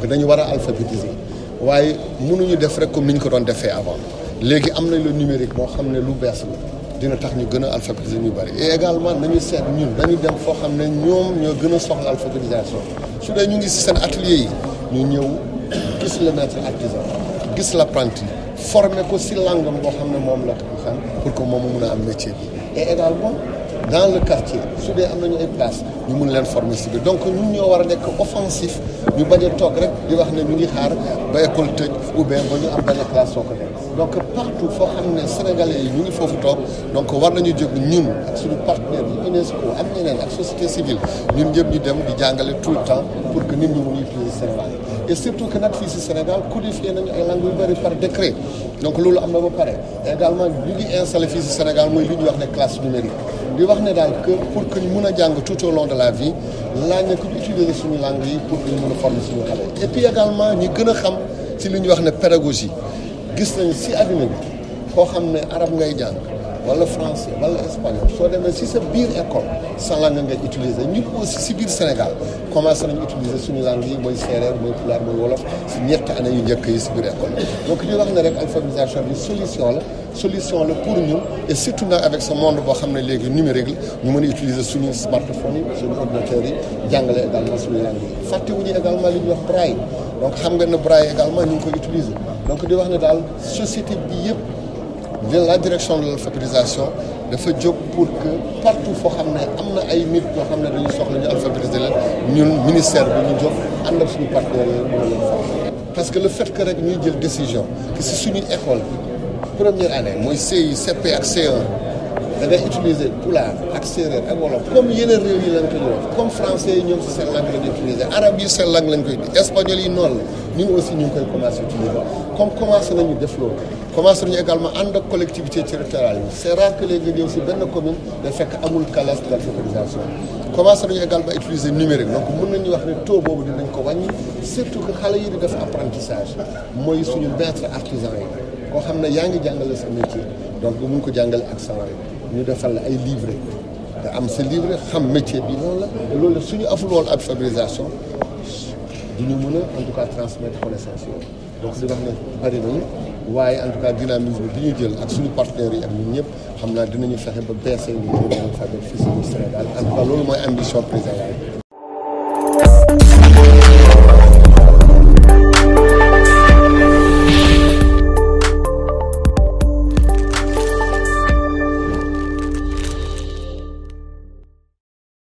donc dañu war a alphabétiser waaye mënuñu def rek comme ni ñu ko doon defee avant léegi am nañ le numérique moo xam ne lu bees la dina tax ñu gën a alphabétiser ñu bëri et également nañu seet ñun dañu dem foo xam ne ñoom ñoo gën a soxla alphabétisation su dee ñu ngi seen atelier yi ñu ñëw gis le maître artisan gis l'apprenti former ko si langam boo xam ne moom la ko xam pour que moom mu mun a am métier yi et également dans le quartier su dee am nañu ay place ñu mun leen former si biir donc ñun ñoo war a nekk offensif ñu bañ a toog rek di wax ne ñu ngi xaar ba école tëj ou bien ba ñu am benn classe soo ko def donc partout foo xam ne sénégalais yi ñu ngi foofu toog donc war nañu jóg ñun ak suñu partenaire yi UNESCO am ñeneen ak société civile ñun ñëpp ñu dem di jàngale tout le temps pour que nit ñi mun utiliser Sénégal et surtout que nag fii si Sénégal codifié nañu ay langues yu bëri par décret donc loolu am na ba pare également ñu ngi installé fii si Sénégal mooy li ñuy wax ne classe numérique di wax ne daal que pour que ñu mën a jàng tout au long de la vie laaj na ku ñu utiliser suñu langue yi pour que ñu mën a former suñu xale et puis également ñu gën a xam ci li ñuy wax ne pédagogie gis nañ si adduna bi koo xam ne arab ngay jàng wala français wala espagnol soo demee si sa biir école sa langue ngay utiliser ñun aussi si biir Sénégal commencé nañu utiliser suñu langue yi mooy séeréer mooy pulaar mooy wolof si ñetti année yu njëkk yi si biir école donc ñu wax ne rek alphabétisation bi solution la solution la pour ñun et surtout nag avec ce monde boo xam ne léegi numérique la ñu mën a utiliser suñu smartphone yi suñu ordinateurs yi jàngale également suñu langue yi fàttewuñu également li ñuy wax braille donc xam nga ne braille également ñu ngi koy utiliser donc di wax ne daal société bi yëpp la direction de l'alphabétisation un job pour que partout où il y a des ay nit yoo xam ne dañu soxla ministère bi ñu jóg un partenaire partenaires parce que le fait que nous ñuy jël décision que c'est une école première année moi, CI CP C1 da ngay utiliser pulaar comme yeneen yi koy comme français yi ñoom si seen langue espagnol aussi ñu koy utiliser comme commencé nañu def également ànd ak collectivité territoriale c'est rare que les ñëw si commune de fekk amul calas également utiliser numérique donc nañu wax ne taux ko surtout que xale yi di def apprentissage suñu artisan koo xam ne yaa ngi jàngale sa métier donc nga mun ko jàngale ak salarié ñu defal la ay livre nga am sa livre xam métier bi noonu la te loolu suñu aful woon ab favorisation du ñu mën a en tout cas transmettre connaissance yooyu donc di wax ne bari nañu waaye en tout cas dynamisme bi ñu jël ak suñu partenaires yi ak ñun ñëpp xam naa dinañu fexe ba baissé ñu alphabet fii si Sénégal en tout cas loolu mooy ambition présidentielle